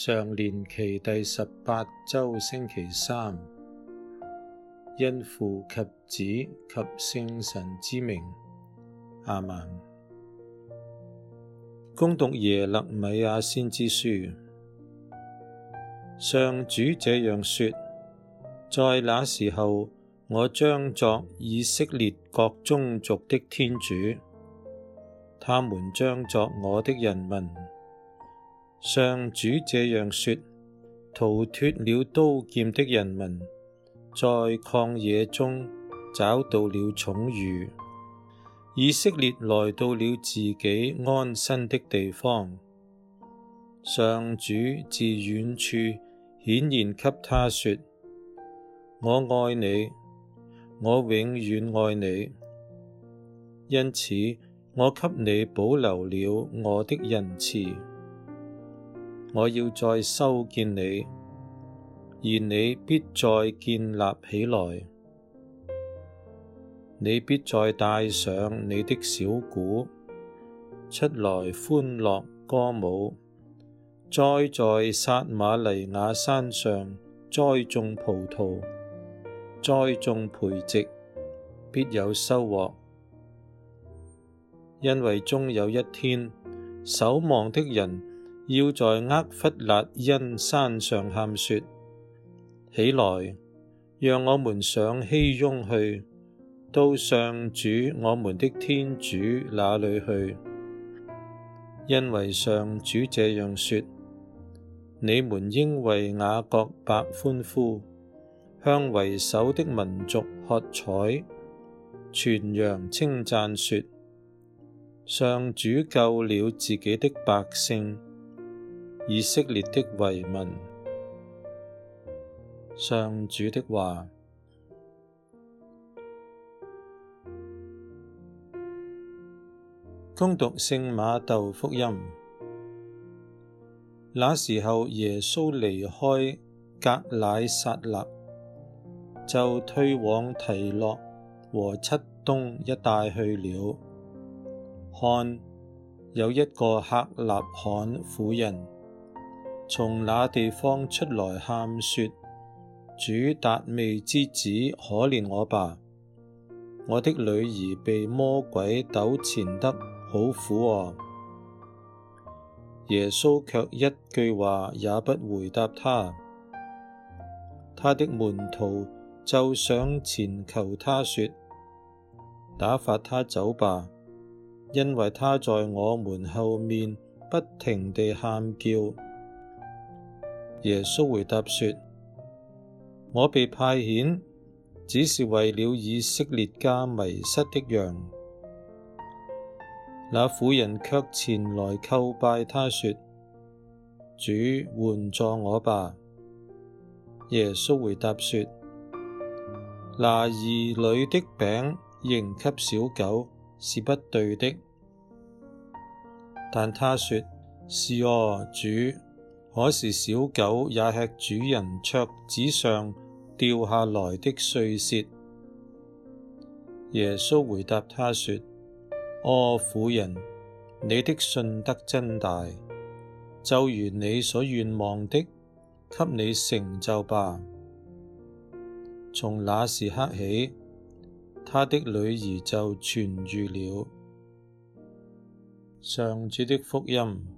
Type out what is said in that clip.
常年期第十八周星期三，因父及子及聖神之名，阿們。恭讀耶肋米亞先知書，上主這樣說：在那時候，我將作以色列各宗族的天主，他們將作我的人民。上主這樣說：逃脫了刀劍的人民，在曠野中找到了寵遇，以色列來到了自己安身的地方。上主自遠處顯現給她說：我愛你，我永遠愛你，因此我給你保留了我的仁慈。我要再修建你，而你必再建立起來。你必再帶上你的小鼓，出來歡樂歌舞，再在撒瑪黎雅山上栽種葡萄，栽種培植，必有收穫。因為終有一天，守望的人，，要在厄弗辣因山上喊說，起來，讓我們上熙雍去，到上主我們的天主那裏去，因為上主這樣說：你們應為雅各伯歡呼，向為首的民族喝采，傳揚稱讚說：上主救了自己的百姓。以色列的遺民，上主的話。恭讀聖瑪竇福音。那時候，耶穌離開革乃撒勒，就退往提洛和漆冬一帶去了。看，有一個客納罕婦人。從那地方出來喊說：主達味之子，可憐我吧！我的女兒被魔鬼糾纏得好苦哦。耶穌却一句話也不回答他。他的門徒就上前求他說：打發他走吧，因為他在我們後面不停地喊叫。耶穌回答說：我被派遣，只是為了以色列家迷失的羊。那婦人卻前來叩拜他說：主，援助我吧。耶穌回答說：拿兒女的餅扔給小狗，是不對的。但他說：是哦，主。我是，小狗也吃主人桌子上掉下來的碎屑。耶穌回答他說：阿婦、哦、人，你的信得真大，就如你所願望的，給你成就吧。從那時刻起，他的女兒就痊愈了。上主的福音。